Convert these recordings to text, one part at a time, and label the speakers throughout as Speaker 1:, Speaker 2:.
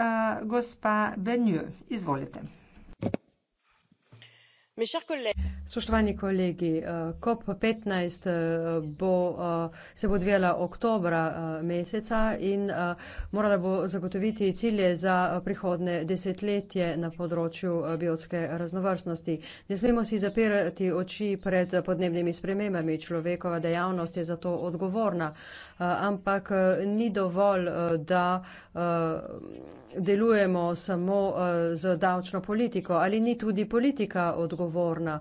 Speaker 1: Eh, gospa Benjur, izvolite. Spoštovani kolegi, eh, COP petnajst, eh, bo, se bo odvijala oktobra, meseca in, morala bo zagotoviti cilje za prihodnje desetletje na področju biotske raznovrstnosti. Ne smemo si zapirati oči pred podnebnimi spremembami, človekova dejavnost je za to odgovorna. Eh, ampak eh, ni dovolj, eh, da delujemo samo z davčno politiko. Ali ni tudi politika odgovorna?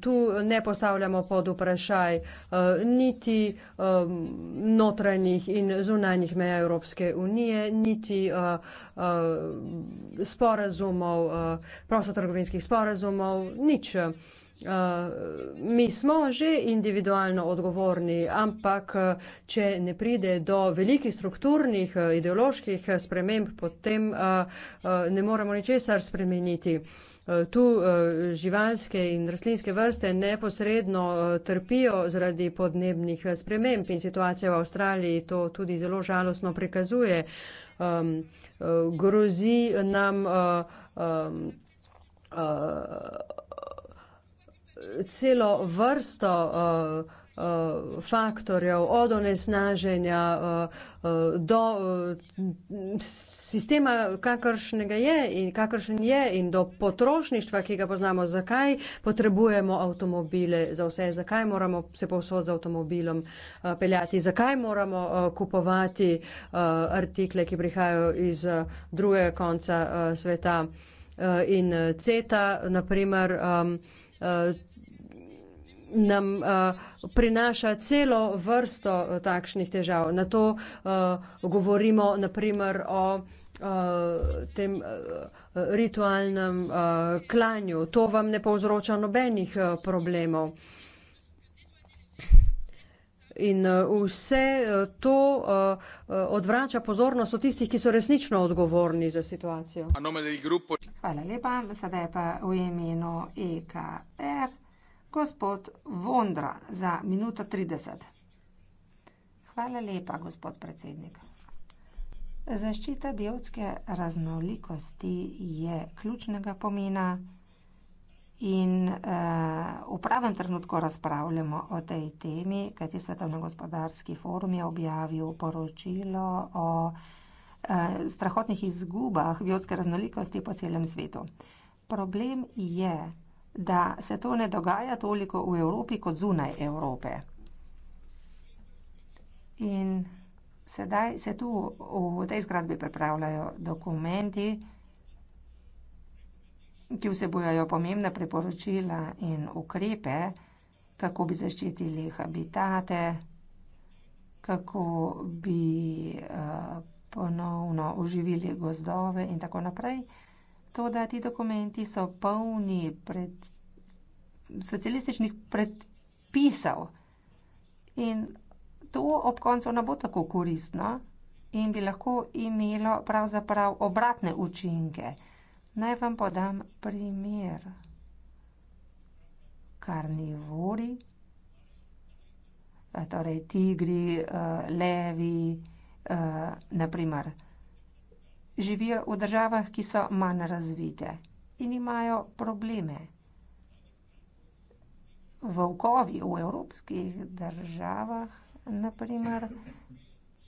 Speaker 1: Tu ne postavljamo pod vprašaj niti notranjih in zunanjih meja Evropske unije, niti sporazumov, prostotrgovinskih sporazumov, nič. Eh, mi smo že individualno odgovorni, ampak eh, če ne pride do velikih strukturnih eh, ideoloških sprememb, potem ne moramo ničesar spremeniti. Tu živalske in rastlinske vrste neposredno trpijo zaradi podnebnih sprememb in situacija v Avstraliji to tudi zelo žalostno prikazuje. Um, grozi nam uh, um, uh, celo vrsto uh, uh, faktorjev, od onesnaženja uh, uh, do uh, sistema, kakršnega je in kakršen je in do potrošništva, ki ga poznamo, zakaj potrebujemo avtomobile za vse, zakaj moramo se povsod z avtomobilom uh, peljati, zakaj moramo uh, kupovati uh, artikle, ki prihajajo iz uh, drugega konca uh, sveta. Uh, in uh, CETA, naprimer, um, uh, nam uh, prinaša celo vrsto uh, takšnih težav. Na to uh, govorimo naprimer o uh, tem uh, ritualnem uh, klanju. To vam ne povzroča nobenih uh, problemov. In vse to odvrača pozornost od tistih, ki so resnično odgovorni za situacijo. Hvala lepa. Sedaj pa v imenu
Speaker 2: EKR gospod Vondra za minuto 30. Hvala lepa, gospod predsednik. Zaščita biotske raznolikosti je ključnega pomena in uh, v pravem trenutku razpravljamo o tej temi, kajti Svetovno gospodarski forum je objavil poročilo o uh, strahotnih izgubah biotske raznolikosti po celem svetu. Problem je, da se to ne dogaja toliko v Evropi kot zunaj Evrope. In sedaj se tu v tej zgradbi pripravljajo dokumenti, ki vsebujajo pomembna priporočila in ukrepe, kako bi zaščitili habitate, kako bi uh, ponovno oživili gozdove in tako naprej to, da ti dokumenti so polni pred, socialističnih predpisov. In to ob koncu ne bo tako koristno in bi lahko imelo pravzaprav obratne učinke. Naj vam podam primer. Karnivori, torej tigri, eh, levi, eh, naprimer živijo v državah, ki so manj razvite in imajo probleme. Vlkovi v evropskih državah, na primer,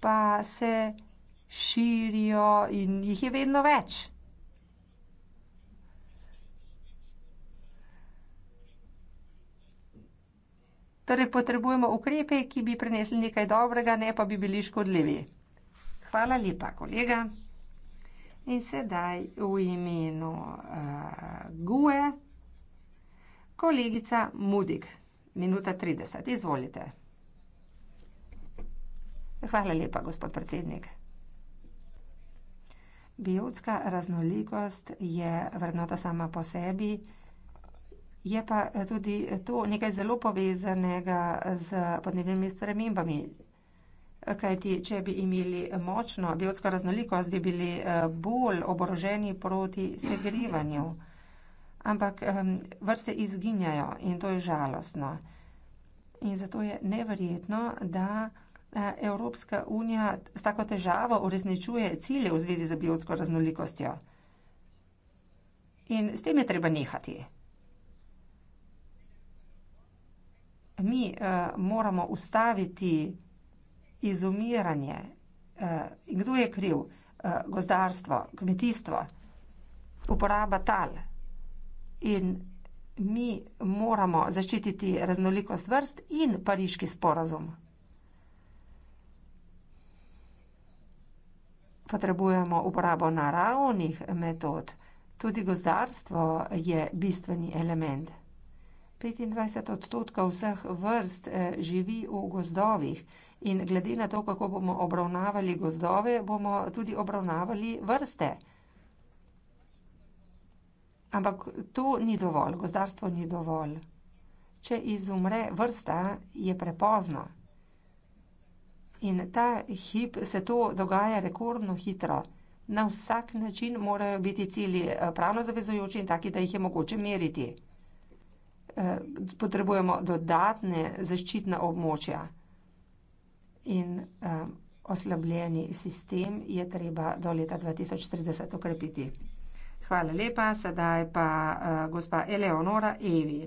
Speaker 2: pa se širijo in jih je vedno več. Torej potrebujemo ukrepe, ki bi prinesli nekaj dobrega, ne pa bi bili škodljivi. Hvala lepa, kolega. In sedaj v imenu uh, GUE, kolegica Mudik, minuta 30, izvolite. Hvala lepa, gospod predsednik. Biotska raznolikost je vrednota sama po sebi, je pa tudi to nekaj zelo povezanega z podnebnimi spremembami kajti če bi imeli močno biotsko raznolikost, bi bili eh, bolj oboroženi proti segrivanju. Ampak ehm, vrste izginjajo in to je žalostno. In zato je neverjetno, da eh, Evropska unija s tako težavo uresničuje cilje v zvezi z biotsko raznolikostjo. In s tem je treba nehati. Mi uh, moramo ustaviti izumiranje. Eh, in kdo je kriv? Eh, gozdarstvo, kmetijstvo, uporaba tal. In mi moramo zaščititi raznolikost vrst in pariški sporazum. Potrebujemo uporabo naravnih metod. Tudi gozdarstvo je bistveni element. 25 odstotkov vseh vrst eh, živi v gozdovih in glede na to, kako bomo obravnavali gozdove, bomo tudi obravnavali vrste. Ampak to ni dovolj, gozdarstvo ni dovolj. Če izumre vrsta, je prepozno. In ta hip se to dogaja rekordno hitro. Na vsak način morajo biti cilji eh, pravno zavezujoči in taki, da jih je mogoče meriti eh, potrebujemo dodatne zaščitna območja in eh, oslabljeni sistem je treba do leta 2030 okrepiti. Hvala lepa, sedaj pa eh, gospa Eleonora Evi,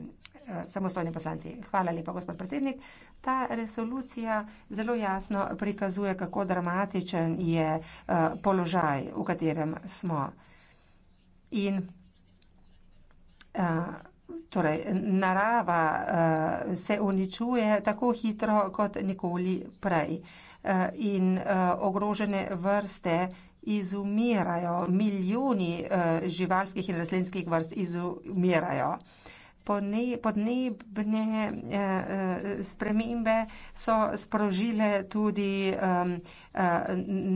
Speaker 2: eh, samostojni poslanci. Hvala lepa, gospod predsednik. Ta resolucija zelo jasno prikazuje, kako dramatičen je eh, položaj, v katerem smo. In eh, Torej, narava uh, se uničuje tako hitro kot nikoli prej uh, in uh, ogrožene vrste izumirajo, milijoni uh, živalskih in rastlinskih vrst izumirajo. Uh, podnebne eh, eh, spremembe so sprožile tudi eh,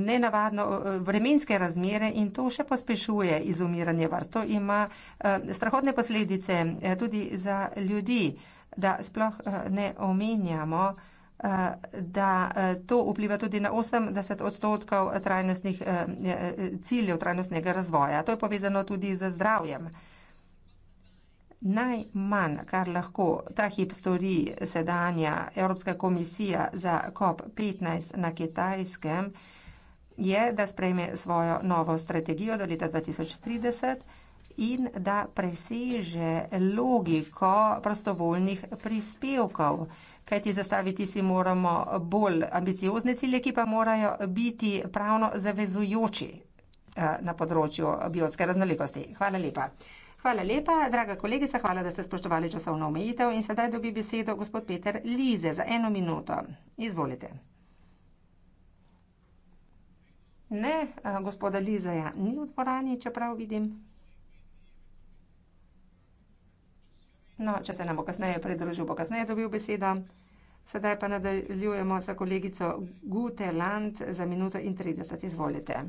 Speaker 2: nenavadno vremenske razmere in to še pospešuje izumiranje vrst. To ima strahotne posledice tudi za ljudi, da sploh ne omenjamo, da to vpliva tudi na 80 odstotkov trajnostnih ciljev trajnostnega razvoja. To je povezano tudi z zdravjem. Najmanj, kar lahko ta hip stori sedanja Evropska komisija za COP15 na Kitajskem, je, da sprejme svojo novo strategijo do leta 2030 in da preseže logiko prostovoljnih prispevkov, kajti zastaviti si moramo bolj ambiciozne cilje, ki pa morajo biti pravno zavezujoči eh, na področju biotske raznolikosti. Hvala lepa. Hvala lepa, draga kolegica, hvala, da ste spoštovali časovno omejitev in sedaj dobi besedo gospod Peter Lize za eno minuto. Izvolite. Ne, eh, gospoda Lizeja ni v dvorani, čeprav vidim. No, če se nam bo kasneje pridružil, bo kasneje dobil besedo. Sedaj pa nadaljujemo sa kolegico Gute Land za minuto in 30. Izvolite.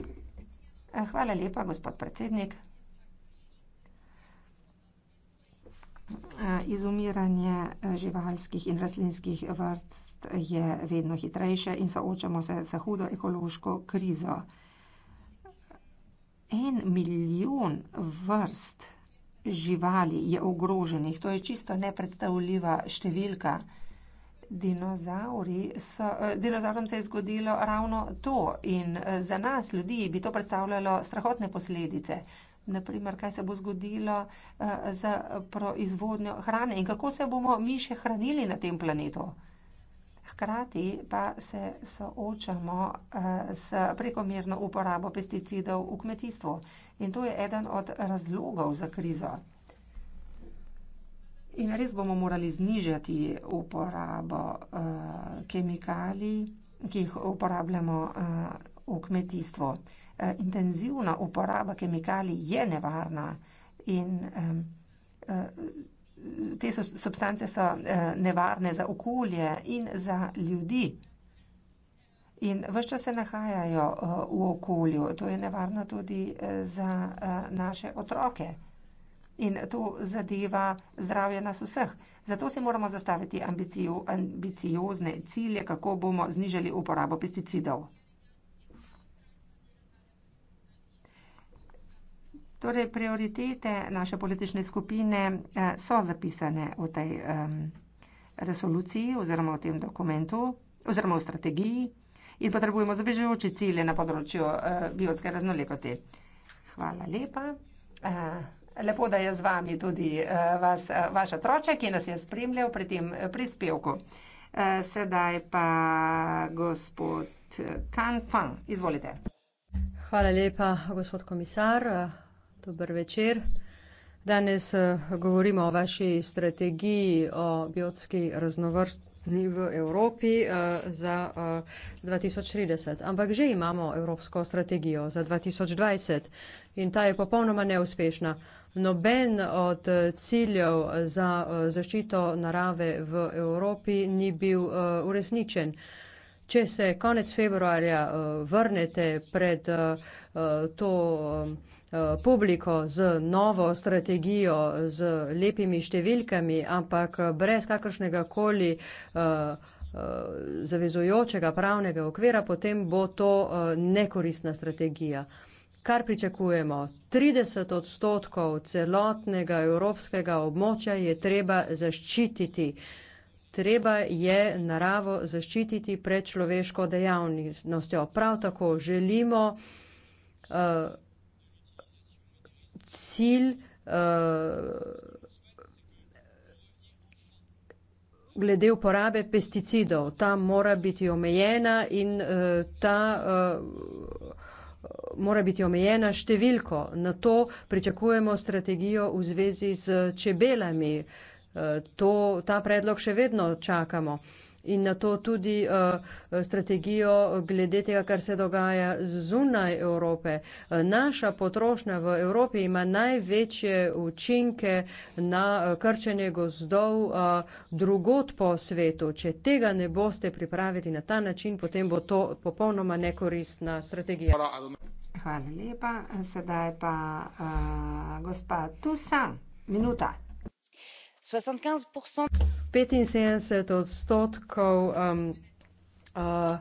Speaker 2: Eh, hvala lepa, gospod predsednik. Eh, izumiranje eh, živalskih in rastlinskih vrst je vedno hitrejše in soočamo se z hudo ekološko krizo. En milijon vrst živali je ogroženih, to je čisto nepredstavljiva številka. Dinozauri so, eh, dinozaurom se je zgodilo ravno to in za nas ljudi bi to predstavljalo strahotne posledice naprimer, kaj se bo zgodilo z eh, proizvodnjo hrane in kako se bomo mi še hranili na tem planetu. Hkrati pa se soočamo z eh, prekomerno uporabo pesticidov v kmetijstvu in to je eden od razlogov za krizo. In res bomo morali znižati uporabo eh, kemikalij, ki jih uporabljamo v kmetijstvu. Eh, intenzivna uporaba kemikalij je nevarna in eh, te substance so eh, nevarne za okolje in za ljudi. In vse, se nahajajo v okolju, to je nevarno tudi za naše otroke. In to zadeva zdravje nas vseh. Zato si moramo zastaviti ambicijo, ambiciozne cilje, kako bomo znižali uporabo pesticidov. Torej, prioritete naše politične skupine eh, so zapisane v tej resoluciji oziroma v tem dokumentu oziroma v strategiji in potrebujemo zavežujoče cilje na področju eh, biotske raznolikosti. Hvala lepa. Eh, lepo, da je z vami tudi vas, vaš otroček, ki nas je spremljal pri tem prispevku. Sedaj
Speaker 1: pa gospod Kan Fang, izvolite. Hvala lepa, gospod komisar. Dobro večer. Danes eh, govorimo o vaši strategiji o biotski raznovrstni v Evropi eh, za 2030. Eh, Ampak že imamo evropsko strategijo za 2020 in ta je popolnoma neuspešna. Noben od ciljev za zaščito narave v Evropi ni bil uresničen. Če se konec februarja vrnete pred to Eh, publiko z novo strategijo, z lepimi številkami, ampak brez kakršnega koli eh, eh, zavezujočega pravnega okvira, potem bo to nekoristna strategija. Kar pričakujemo, 30 odstotkov celotnega evropskega območja je treba zaščititi. Treba je naravo zaščititi pred človeško dejavnostjo. Prav tako želimo uh, cilj eh, glede uporabe pesticidov. Ta mora biti omejena in eh, ta eh, mora biti omejena številko. Nato pričakujemo strategijo v zvezi s čebelami. To, ta predlog še vedno čakamo in na to tudi uh, strategijo glede tega, kar se dogaja zunaj Evrope. Eh, naša potrošnja v Evropi ima največje učinke na eh, krčenje gozdov uh, drugot po svetu. Če tega ne boste pripravili na ta način, potem bo to popolnoma nekoristna strategija. Hvala lepa. Sedaj pa uh, gospa Tusa, minuta.
Speaker 3: 75%.
Speaker 1: 75 odstotkov um, uh,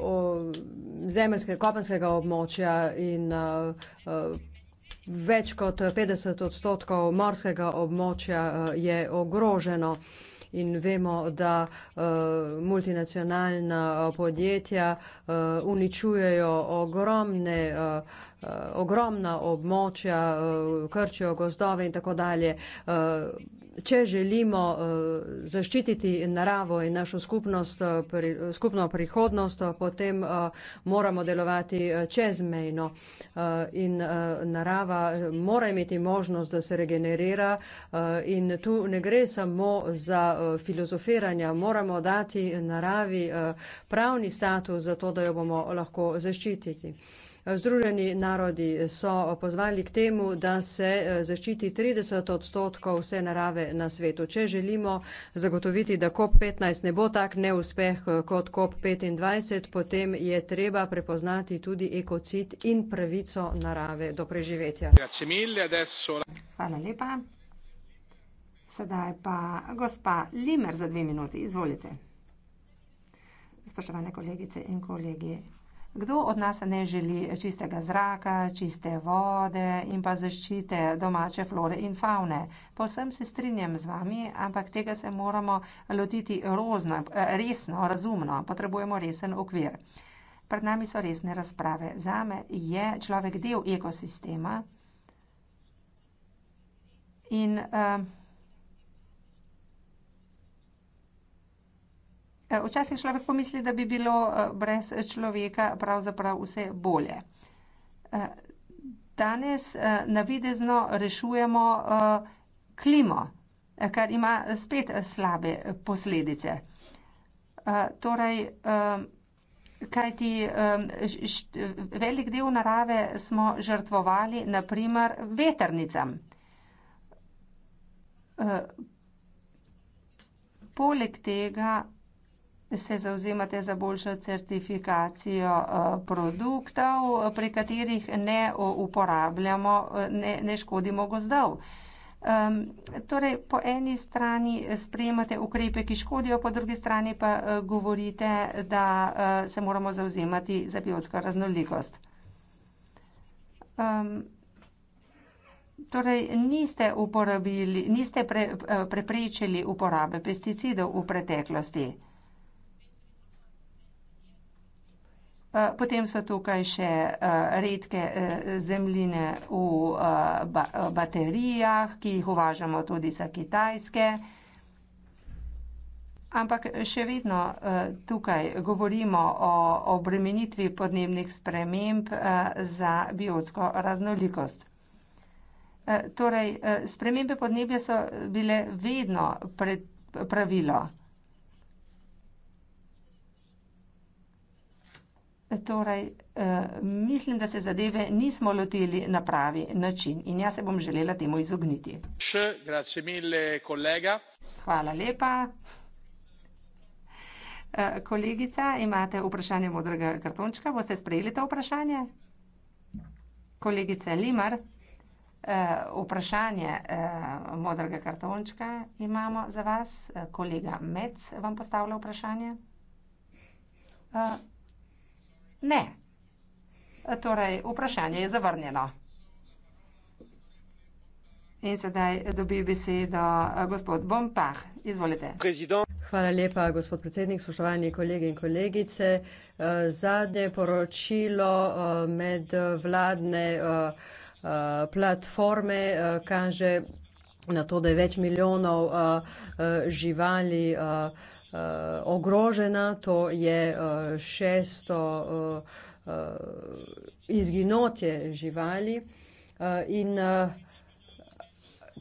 Speaker 1: uh, zemljskega, kopenskega območja in uh, uh, več kot 50 odstotkov morskega območja uh, je ogroženo. In vemo, da uh, multinacionalna uh, podjetja uh, uničujejo ogromne, uh, uh, ogromna območja, uh, krčijo gozdove in tako dalje. Uh, če želimo uh, zaščititi naravo in našo skupnost, eh, pri, eh, skupno prihodnost, potem uh, moramo delovati čezmejno. Uh, in uh, narava mora imeti možnost, da se regenerira. Uh, in tu ne gre samo za uh, filozofiranje, moramo dati naravi uh, pravni status, zato da jo bomo lahko zaščititi. Uh, Združeni narodi so pozvali k temu, da se eh, zaščiti 30 odstotkov vse narave na svetu. Če želimo zagotoviti, da COP15 ne bo tak neuspeh eh, kot COP25, potem je treba prepoznati tudi ekocit in pravico narave do preživetja. Hvala lepa.
Speaker 2: Sedaj pa gospa Limer za dve minuti. Spoštovane kolegice in kolegi, Kdo od nas ne želi čistega zraka, čiste vode in pa zaščite domače flore in faune? Povsem se strinjam z vami, ampak tega se moramo lotiti rozno, resno, razumno. Potrebujemo resen okvir. Pred nami so resne razprave. Zame je človek del ekosistema in uh, Eh, včasih človek pomisli, da bi bilo eh, brez človeka pravzaprav vse bolje. Eh, danes navidezno rešujemo klimo, kar ima spet slabe posledice. Torej, kajti velik del narave smo žrtvovali, naprimer, veternicam. Poleg tega se zauzemate za boljšo certifikacijo eh, produktov, pri katerih ne uporabljamo, eh, ne, ne škodimo gozdov. Um, torej, po eni strani sprejemate ukrepe, ki škodijo, po drugi strani pa uh, govorite, da uh, se moramo zauzemati za biotsko raznolikost. Um, torej, niste, uporabili, niste pre, preprečili uporabe pesticidov v preteklosti. Uh, Eh, potem so tukaj še eh, redke eh, zemljine v baterijah, ki jih uvažamo tudi za Kitajske. Ampak še vedno tukaj govorimo o obremenitvi podnebnih sprememb za biotsko raznolikost. Torej, spremembe podnebja so bile vedno pravilo. Torej, eh, mislim, da se zadeve nismo lotili na pravi način in jaz se bom želela temu izogniti.
Speaker 4: Še, grazie mille, kolega.
Speaker 2: Hvala lepa. Eh, kolegica, imate vprašanje modrega kartončka, boste sprejeli to vprašanje? Kolegica Limar, eh, vprašanje modrega kartončka imamo za vas. Kolega Mec vam postavlja vprašanje. Ne. Torej, vprašanje je zavrnjeno. In sedaj
Speaker 1: dobi besedo eh, gospod Bompah. Izvolite. President. Hvala lepa, gospod predsednik, spoštovani kolegi in kolegice. Eh, zadnje poročilo eh, med vladne platforme kaže na to, da je več milijonov živali Eh, ogrožena, to je uh, šesto uh, uh, izginotje živali uh, in uh,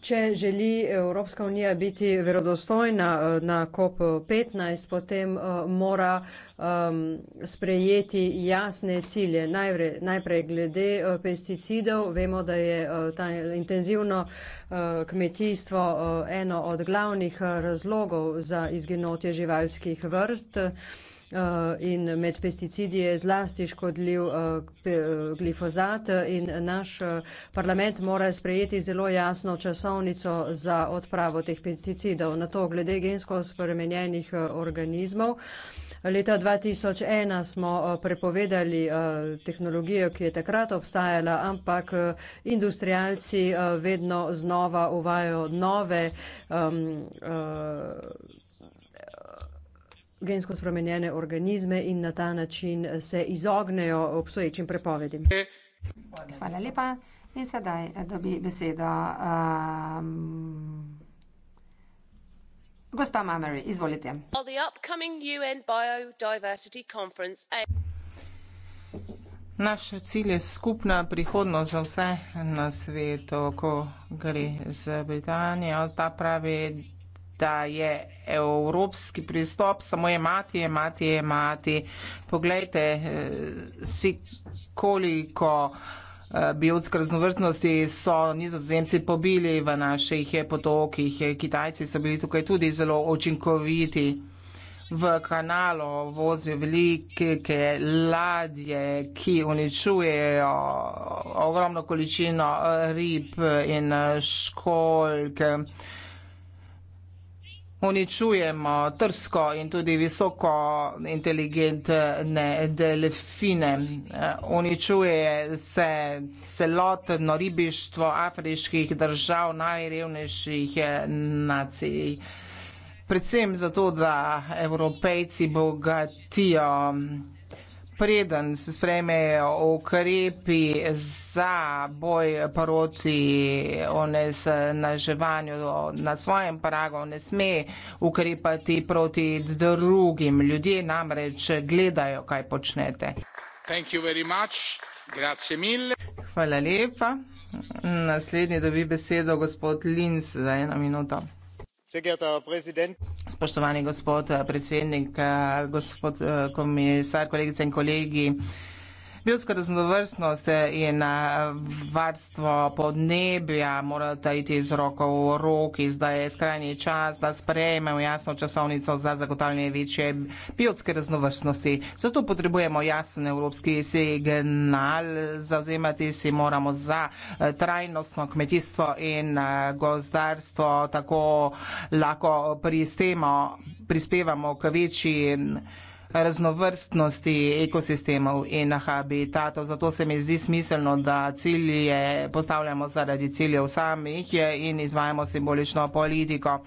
Speaker 1: Če želi Evropska unija biti verodostojna eh, na COP15, potem eh, mora um, sprejeti jasne cilje. Najvre, najprej glede eh, pesticidov. Vemo, da je ta intenzivno kmetijstvo eno od glavnih razlogov za izginotje živalskih vrst. Eh, in med pesticidi je zlasti škodljiv eh, eh, glifozat in naš parlament mora sprejeti zelo jasno časovnico za odpravo teh pesticidov. Na to glede gensko spremenjenih organizmov. Leta 2001 smo prepovedali tehnologijo, ki je takrat obstajala, ampak industrialci vedno znova uvajajo nove. Um, uh, gensko spremenjene organizme in na ta način se izognejo obstoječim prepovedim. Hvala lepa. In sedaj eh, dobi besedo um,
Speaker 2: gospa Mamery, izvolite.
Speaker 5: Naše cilje skupna prihodnost za vse na svetu, ko gre za Britanijo, ta pravi da je evropski pristop samo jemati, jemati, jemati. Poglejte, eh, si koliko eh, biotske raznovrstnosti so nizozemci pobili v naših potokih. Kitajci so bili tukaj tudi zelo očinkoviti. V kanalo vozijo velike ladje, ki uničujejo ogromno količino rib in školjke uničujemo trsko in tudi visoko inteligentne delfine. Uničuje se celotno ribištvo afriških držav najrevnejših nacij. Predvsem zato, da evropejci bogatijo preden se sprejmejo ukrepi za boj proti onesnaževanju na svojem pragu, ne sme ukrepati proti drugim. Ljudje namreč gledajo, kaj počnete. Hvala lepa. Naslednji dobi besedo gospod Linz za eno minuto spoštovani gospod eh, predsednik eh, gospod eh, komisar kolegice in kolegi! Ljudska raznovrstnost in varstvo podnebja morata iti iz roka v roki. Zdaj je skrajni čas, da sprejmemo jasno časovnico za zagotavljanje večje biotske raznovrstnosti. Zato potrebujemo jasen evropski signal. Zauzemati si moramo za eh, trajnostno kmetijstvo in eh, gozdarstvo. Tako lahko pristemo, prispevamo k večji raznovrstnosti ekosistemov in habitatov. Zato se mi zdi smiselno, da cilje postavljamo zaradi ciljev samih in izvajamo simbolično politiko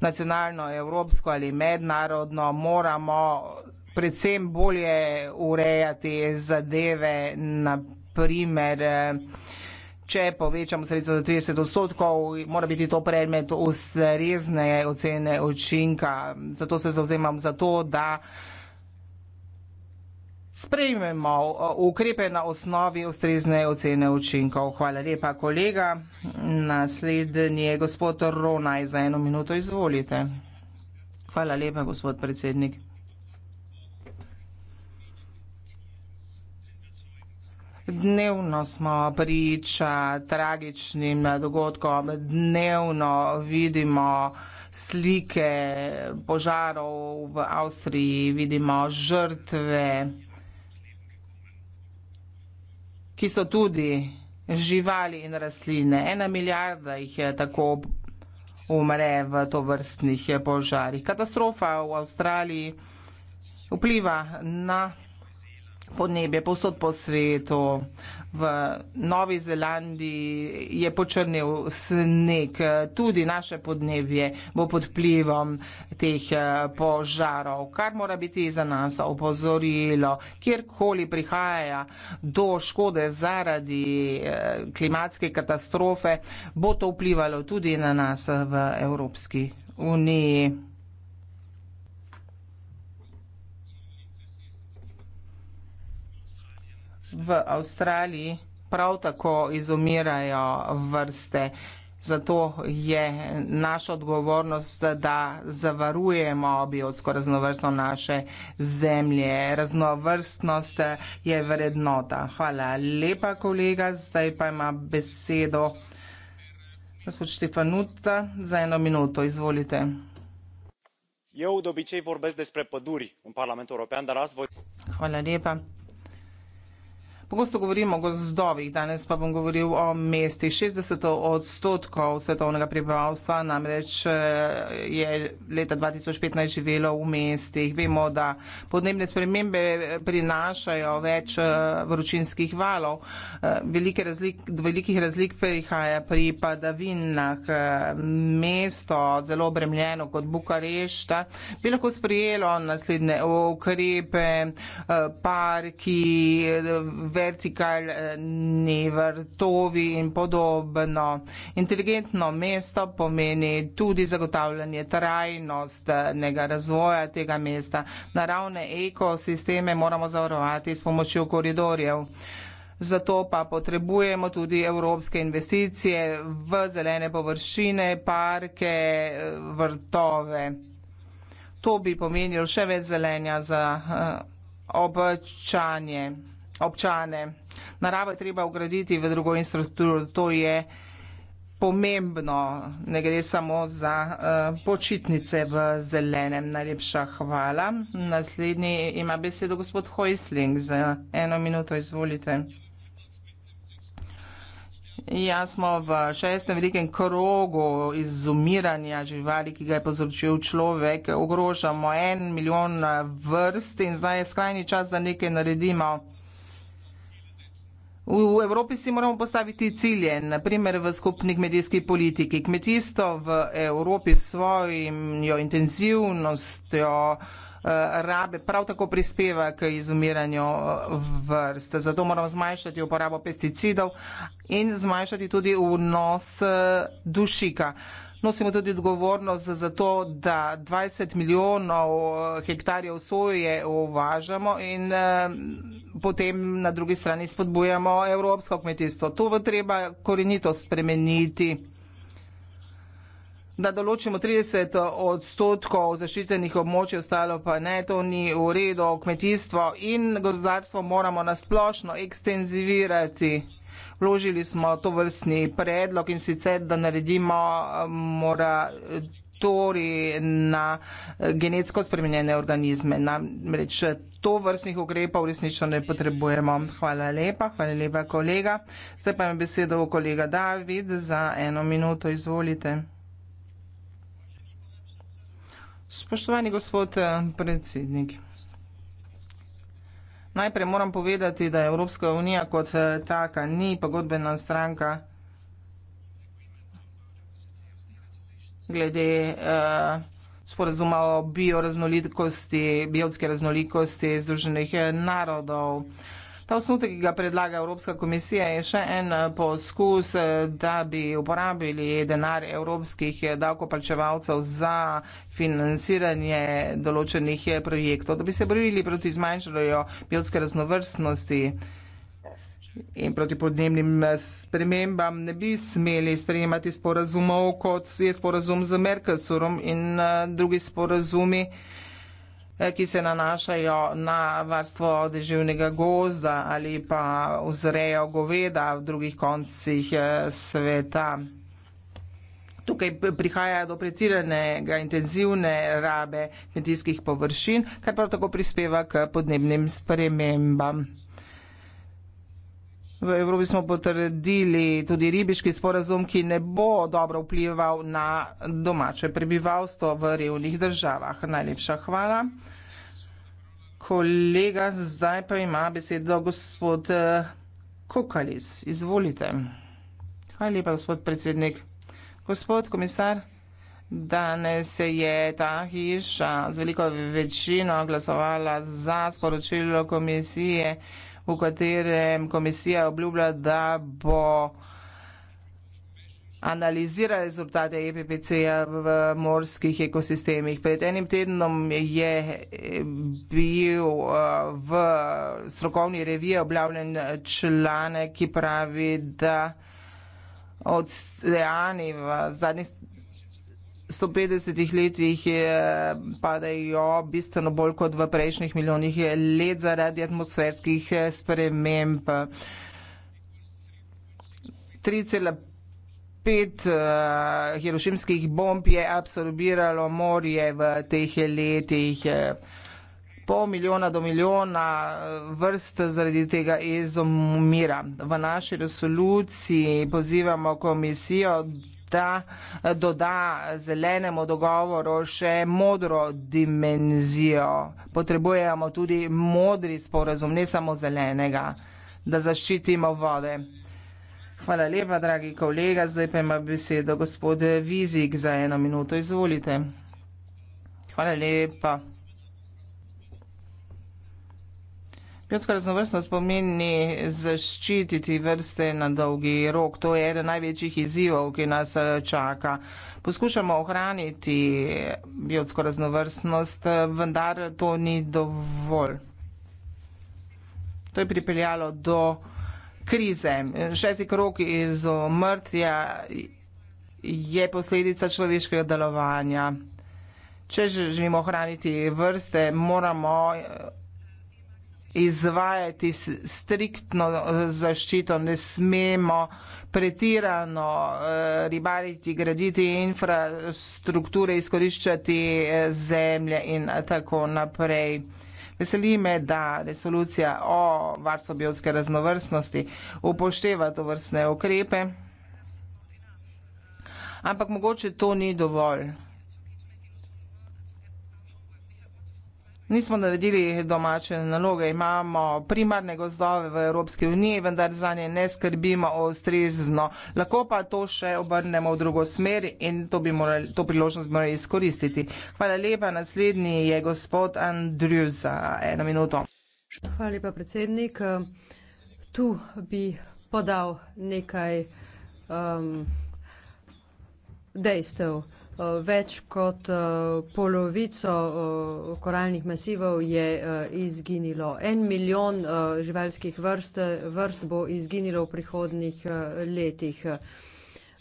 Speaker 5: nacionalno, evropsko ali mednarodno, moramo predvsem bolje urejati zadeve, naprimer, če povečamo sredstvo za 30 odstotkov, mora biti to predmet ustrezne ocene učinka. Zato se zauzemam za to, da sprejmemo e, ukrepe na osnovi ustrezne ocene učinkov. Hvala lepa, kolega. Naslednji je gospod Ronaj za eno minuto. Izvolite. Hvala lepa, gospod predsednik. Dnevno smo priča tragičnim dogodkom, dnevno vidimo slike požarov v Avstriji, vidimo žrtve ki so tudi živali in rastline. Ena milijarda jih je eh, tako umre v to vrstnih eh, požarih. Katastrofa v Avstraliji vpliva na podnebje, posod po svetu v Novi Zelandiji je počrnil sneg, tudi naše podnebje bo pod plivom teh eh, požarov, kar mora biti za nas opozorilo, kjerkoli prihaja do škode zaradi eh, klimatske katastrofe, bo to vplivalo tudi na nas v Evropski uniji. v Avstraliji prav tako izumirajo vrste. Zato je naša odgovornost, da zavarujemo biotsko raznovrstnost naše zemlje. Raznovrstnost je vrednota. Hvala lepa, kolega. Zdaj pa ima besedo gospod Štefanuta za eno minuto. Izvolite. Hvala lepa. Pogosto govorimo o gozdovih, danes pa bom govoril o mesti. 60 odstotkov svetovnega prebivalstva namreč eh, je leta 2015 živelo v mestih. Vemo, da podnebne spremembe eh, prinašajo več eh, vročinskih valov. Velike razlik, velikih razlik prihaja pri padavinah. Mesto, zelo obremljeno kot Bukarešta, bi lahko sprijelo naslednje ukrepe, parki, vertikal, eh, ni vrtovi in podobno. Inteligentno mesto pomeni tudi zagotavljanje trajnostnega razvoja tega mesta. Naravne ekosisteme moramo zavarovati s pomočjo koridorjev. Zato pa potrebujemo tudi evropske investicije v zelene površine, parke, eh, vrtove. To bi pomenilo še več zelenja za uh, občanje občane. Naravo je treba ugraditi v drugo infrastrukturo, to je pomembno, ne gre samo za uh, počitnice v zelenem. Najlepša hvala. Naslednji ima besedo gospod Hoisling za eno minuto, izvolite. Ja, smo v šestem velikem krogu izumiranja živali, ki ga je povzročil človek. Ogrožamo en milijon vrst in zdaj je skrajni čas, da nekaj naredimo. V Evropi si moramo postaviti cilje, naprimer v skupni kmetijski politiki. Kmetijstvo v Evropi s svojo intenzivnostjo eh, rabe prav tako prispeva k izumiranju eh, vrst. Zato moramo zmanjšati uporabo pesticidov in zmanjšati tudi vnos eh, dušika nosimo tudi odgovornost za to, da 20 milijonov eh, hektarjev soje uvažamo in eh, potem na drugi strani spodbujamo evropsko kmetijstvo. To bo treba korenito spremeniti da določimo 30 odstotkov zaščitenih območij, ostalo pa ne, to ni v redu. Kmetijstvo in gozdarstvo moramo nasplošno ekstenzivirati vložili smo to vrstni predlog in sicer, da naredimo eh, mora tori na eh, genetsko spremenjene organizme. Namreč eh, to vrstnih ukrepov resnično ne potrebujemo. Hvala lepa, hvala lepa kolega. Zdaj pa ima besedo kolega David za eno minuto, izvolite. Spoštovani gospod predsednik. Najprej moram povedati, da Evropska unija kot eh, taka ni pogodbena stranka glede eh, sporazuma o bioraznolikosti, biotske raznolikosti Združenih narodov. Ta osnutek, ki ga predlaga Evropska komisija, je še en eh, poskus, eh, da bi uporabili denar evropskih eh, davkoplačevalcev za financiranje določenih projektov, da bi se borili proti zmanjšanju biotske raznovrstnosti in proti podnebnim spremembam. Ne bi smeli sprejemati sporazumov, kot je sporazum z Merkosurom in drugi sporazumi. Eh, ki se nanašajo na varstvo deževnega gozda ali pa vzrejo goveda v drugih koncih eh, sveta. Tukaj prihaja do preciranega intenzivne rabe kmetijskih površin, kar prav tako prispeva k podnebnim spremembam. V Evropi smo potrdili tudi ribiški sporazum, ki ne bo dobro vplival na domače prebivalstvo v revnih državah. Najlepša hvala. Kolega, zdaj pa ima besedo gospod eh, Kukalis. Izvolite. Hvala lepa, gospod predsednik. Gospod komisar, danes je ta hiša z veliko večino glasovala za sporočilo komisije v katerem komisija obljublja, da bo analizira rezultate EPPC-ja v morskih ekosistemih. Pred enim tednom je bil eh, v strokovni reviji objavljen članek, ki pravi, da oceani v zadnjih 150 letih eh, padajo bistveno bolj kot v prejšnjih milijonih let zaradi atmosferskih eh, sprememb. 3,5 eh, hirošimskih bomb je absorbiralo morje v teh letih. Pol milijona do milijona vrst zaradi tega izumira. V naši resoluciji pozivamo komisijo, da eh, doda zelenemu dogovoru še modro dimenzijo. Potrebujemo tudi modri sporazum, ne samo zelenega, da zaščitimo vode. Hvala lepa, dragi kolega. Zdaj pa ima besedo gospod Vizik za eno minuto. Izvolite. Hvala lepa. Biotska raznovrstnost pomeni zaščititi vrste na dolgi rok. To je eden največjih izzivov, ki nas eh, čaka. Poskušamo ohraniti biotsko raznovrstnost, eh, vendar to ni dovolj. To je pripeljalo do krize. Šesti krok iz omrtja je posledica človeškega delovanja. Če želimo ohraniti vrste, moramo eh, izvajati striktno eh, zaščito, ne smemo pretirano eh, ribariti, graditi infrastrukture, izkoriščati eh, zemlje in tako naprej. Veseli me, da resolucija o varstvu biotske raznovrstnosti upošteva to vrstne ukrepe, ampak mogoče to ni dovolj. Nismo naredili domače naloge, imamo primarne gozdove v Evropski uniji, vendar za nje ne skrbimo ustrezno. Lahko pa to še obrnemo v drugo smer in to, bi morali, to priložnost bi morali izkoristiti. Hvala lepa, naslednji je gospod Andrew za eno minuto.
Speaker 1: Hvala lepa, predsednik. Tu bi podal nekaj um, dejstev. Eh, več kot eh, polovico eh, koralnih masivov je izginilo. En milijon živalskih vrst, vrst bo izginilo v prihodnih letih.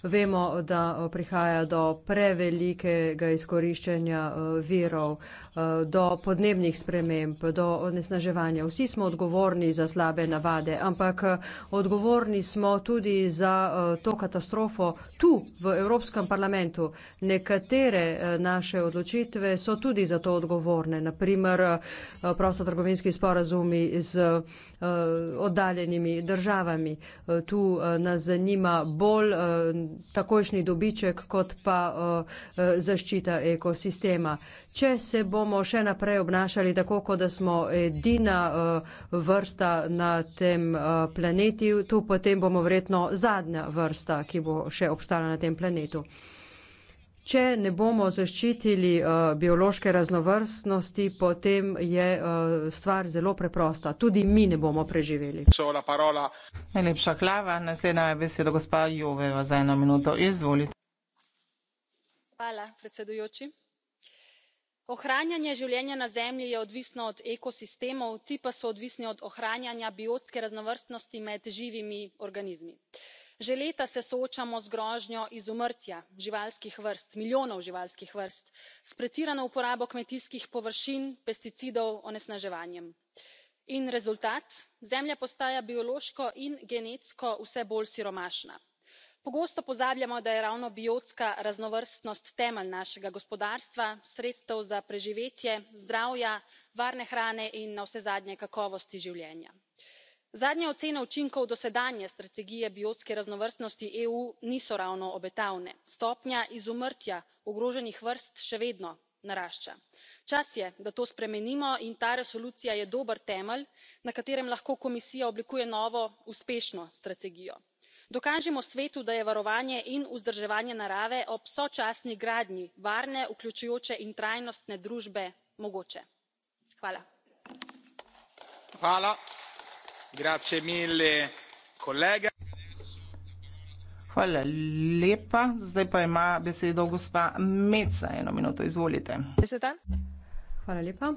Speaker 1: Vemo, da eh, prihaja do prevelikega izkoriščanja eh, virov, eh, do podnebnih sprememb, do onesnaževanja. Vsi smo odgovorni za slabe navade, ampak odgovorni smo tudi za to katastrofo tu v Evropskem parlamentu. Nekatere naše odločitve so tudi za to odgovorne, naprimer prostotrgovinski sporazumi z oddaljenimi državami. Tu nas zanima bolj takošni dobiček, kot pa e, zaščita ekosistema. Če se bomo še naprej obnašali tako, kot da smo edina vrsta na tem planetu, tu potem bomo verjetno zadnja vrsta, ki bo še obstala na tem planetu. Če ne bomo zaščitili uh, biološke raznovrstnosti, potem
Speaker 5: je uh, stvar zelo preprosta. Tudi mi ne bomo preživeli.
Speaker 4: Najlepša
Speaker 5: hvala. Naslednja je beseda gospa Joveva za eno minuto. Izvolite.
Speaker 6: Hvala, predsedujoči. Ohranjanje življenja na Zemlji je odvisno od ekosistemov, ti pa so odvisni od ohranjanja biotske raznovrstnosti med živimi organizmi že leta se soočamo z grožnjo izumrtja živalskih vrst milijonov živalskih vrst s pretirano uporabo kmetijskih površin pesticidov onesnaževanjem in rezultat zemlja postaja biološko in genetsko vse bolj siromašna. pogosto pozabljamo da je ravno biotska raznovrstnost temelj našega gospodarstva sredstev za preživetje zdravja varne hrane in navsezadnje kakovosti življenja zadnje ocene učinkov dosedanje strategije biotske raznovrstnosti eu niso ravno obetavne stopnja izumrtja ogroženih vrst še vedno narašča. čas je da to spremenimo in ta resolucija je dober temelj na katerem lahko komisija oblikuje novo uspešno strategijo. dokažimo svetu da je varovanje in vzdrževanje narave ob sočasni gradnji varne vključujoče in trajnostne družbe mogoče.
Speaker 4: hvala.
Speaker 5: Hvala lepa. Zdaj pa ima besedo gospa Meca, eno minuto, izvolite. Hvala lepa.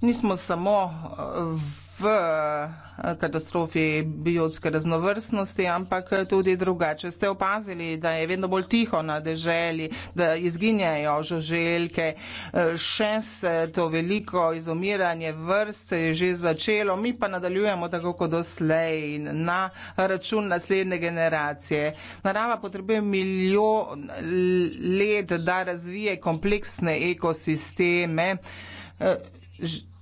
Speaker 5: Nismo samo, eh, v v eh, katastrofi biotske raznovrstnosti, ampak tudi drugače. Ste opazili, da je vedno bolj tiho na deželi, da izginjajo žuželke, eh, še se to veliko izumiranje vrste je že začelo, mi pa nadaljujemo tako kot doslej na račun naslednje generacije. Narava potrebuje milijon let, da razvije kompleksne ekosisteme. Eh,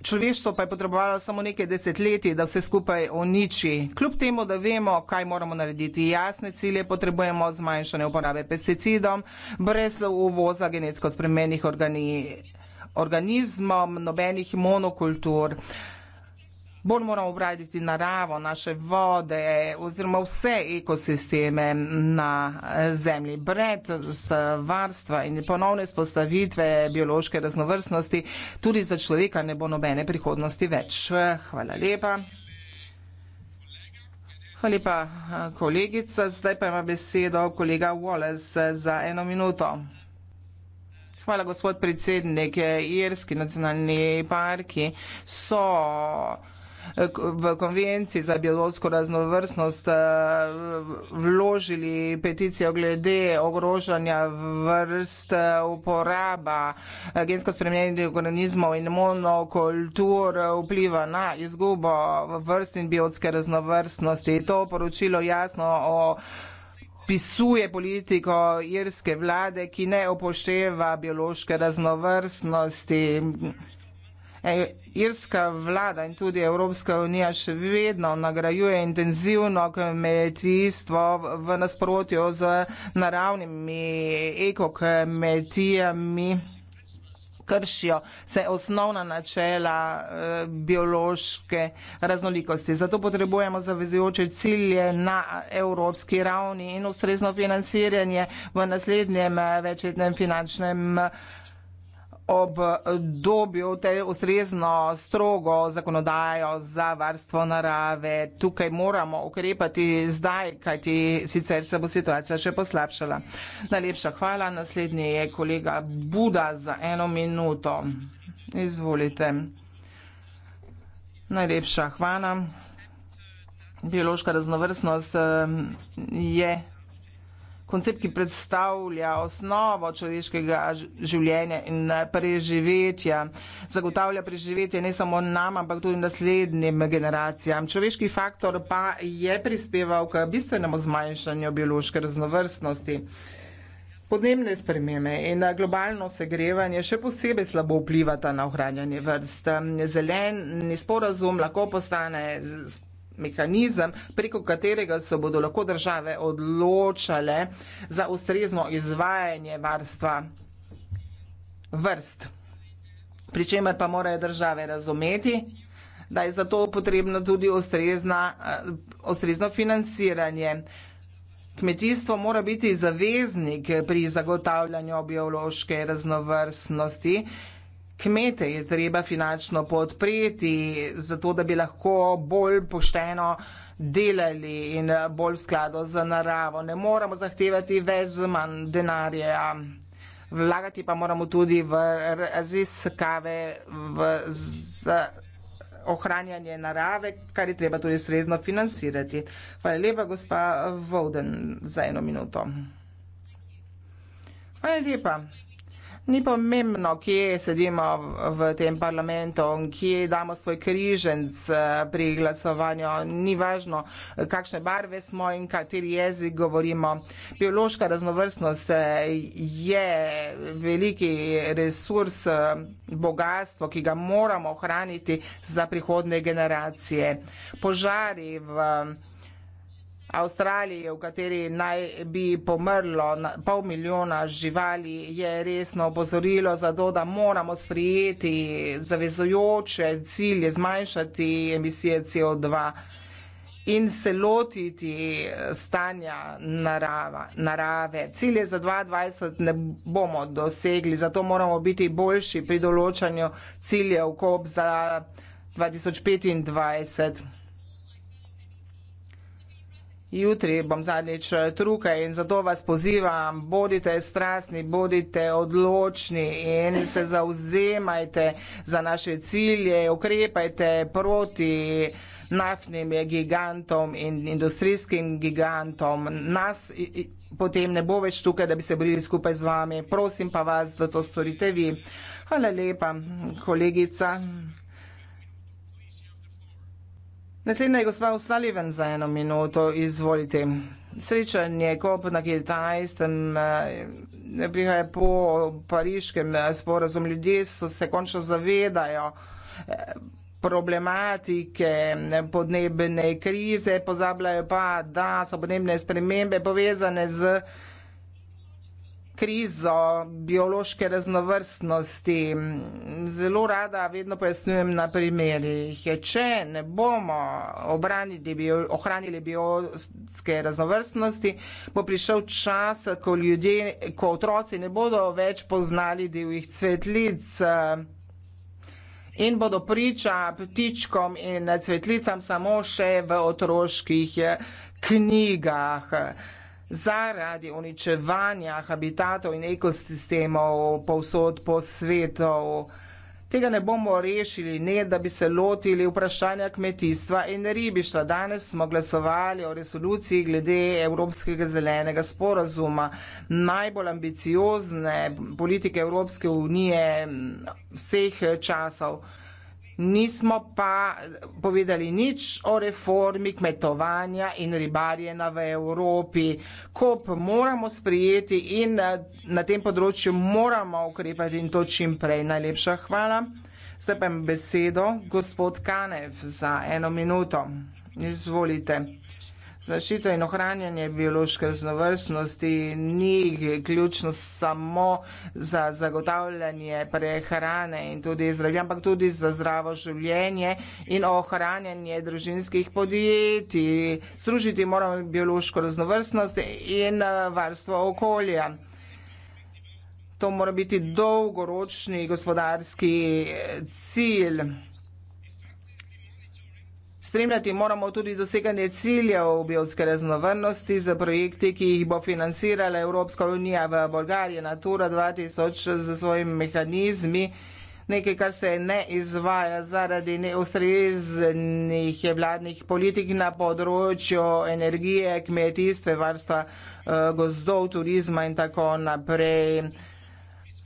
Speaker 5: Človeštvo pa je potrebovalo samo nekaj desetletij, da vse skupaj uniči. Kljub temu, da vemo, kaj moramo narediti, jasne cilje potrebujemo zmanjšanje uporabe pesticidom, brez uvoza genetsko spremenjenih organi organizmov, nobenih monokultur. Uh, bolj moramo obraditi naravo, naše vode oziroma vse ekosisteme na eh, zemlji. Brez varstva in ponovne spostavitve biološke raznovrstnosti tudi za človeka ne bo nobene prihodnosti več. Hvala lepa. Hvala lepa eh, kolegica. Zdaj pa ima besedo kolega Wallace eh, za eno minuto. Hvala, gospod predsednik. Irski nacionalni parki so v konvenciji za biologsko raznovrstnost eh, vložili peticijo glede ogrožanja vrst eh, uporaba eh, gensko spremenjenih organizmov in monokultur vpliva na izgubo vrst in biotske raznovrstnosti. To poročilo jasno o pisuje politiko irske vlade, ki ne upošteva biološke raznovrstnosti. E, irska vlada in tudi Evropska unija še vedno nagrajuje intenzivno kmetijstvo v nasprotju z naravnimi ekokmetijami kršijo se osnovna načela e, biološke raznolikosti. Zato potrebujemo zavezujoče cilje na evropski ravni in ustrezno financiranje v naslednjem e, večletnem finančnem okviru obdobju ustrezno strogo zakonodajo za varstvo narave. Tukaj moramo ukrepati zdaj, kajti sicer se bo situacija še poslabšala. Najlepša hvala. Naslednji je kolega Buda za eno minuto. Izvolite. Najlepša hvala. Biološka raznovrstnost eh, je koncept, ki predstavlja osnovo človeškega življenja in eh, preživetja, zagotavlja preživetje ne samo nam, ampak tudi naslednjim generacijam. Človeški faktor pa je prispeval k bistvenemu zmanjšanju biološke raznovrstnosti. Podnebne spremembe in eh, globalno segrevanje še posebej slabo vplivata na ohranjanje vrst. Zeleni sporazum lahko postane mehanizem, preko katerega se bodo lahko države odločale za ustrezno izvajanje varstva vrst. Pričemer pa morajo države razumeti, da je zato potrebno tudi ustrezna, eh, ustrezno financiranje. Kmetijstvo mora biti zaveznik pri zagotavljanju biološke raznovrstnosti, kmete je treba finančno podpreti, zato da bi lahko bolj pošteno delali in bolj sklado za naravo. Ne moramo zahtevati več za manj denarja. Vlagati pa moramo tudi v raziskave, v ohranjanje narave, kar je treba tudi strezno financirati. Hvala lepa, gospa Voden, za eno minuto. Hvala lepa. Ni pomembno, kje sedimo v tem parlamentu, kje damo svoj križenc eh, pri glasovanju, ni važno, kakšne barve smo in kateri jezik govorimo. Biološka raznovrstnost eh, je veliki resurs, eh, bogatstvo, ki ga moramo ohraniti za prihodne generacije. Požari v Avstraliji, v kateri naj bi pomrlo pol milijona živali, je resno opozorilo za to, da moramo sprijeti zavezujoče cilje zmanjšati emisije CO2 in se lotiti stanja narava, narave. Cilje za 2020 ne bomo dosegli, zato moramo biti boljši pri določanju ciljev kot za 2025. Jutri bom zadnjič eh, tukaj in zato vas pozivam, bodite strastni, bodite odločni in se zauzemajte za naše cilje, ukrepajte proti naftnim gigantom in industrijskim gigantom. Nas potem ne bo več tukaj, da bi se borili skupaj z vami. Prosim pa vas, da to storite vi. Hvala lepa, kolegica. Naslednja je gospa Sullivan za eno minuto, izvolite. Srečanje COP na Kitajskem eh, prihaja po pariškem eh, sporazumu. Ljudje so se končno zavedajo eh, problematike podnebne krize, pozabljajo pa, da so podnebne spremembe povezane z krizo biološke raznovrstnosti. Zelo rada vedno pojasnjujem na primerih, če ne bomo bio, ohranili biološke raznovrstnosti, bo prišel čas, ko, ljudje, ko otroci ne bodo več poznali divjih cvetlic. In bodo priča ptičkom in cvetlicam samo še v otroških knjigah zaradi uničevanja habitatov in ekosistemov povsod po svetu. Tega ne bomo rešili, ne da bi se lotili vprašanja kmetijstva in ribištva. Danes smo glasovali o resoluciji glede Evropskega zelenega sporazuma. Najbolj ambiciozne politike Evropske unije vseh časov nismo pa povedali nič o reformi kmetovanja in ribarjena v Evropi. Kop moramo sprijeti in eh, na tem področju moramo ukrepati in to čim prej. Najlepša hvala. Zdaj pa besedo gospod Kanev za eno minuto. Izvolite. Zaščito in ohranjanje biološke raznovrstnosti ni ključno samo za zagotavljanje prehrane in tudi zdravja, ampak tudi za zdravo življenje in ohranjanje družinskih podjetij. Združiti moramo biološko raznovrstnost in eh, varstvo okolja. To mora biti dolgoročni gospodarski eh, cilj. Spremljati moramo tudi doseganje ciljev biotske raznovrnosti za projekte, ki jih bo financirala Evropska unija v Bolgariji, Natura 2000 z svojimi mehanizmi, nekaj, kar se ne izvaja zaradi neustreznih vladnih politik na področju energije, kmetijstva, varstva eh, gozdov, turizma in tako naprej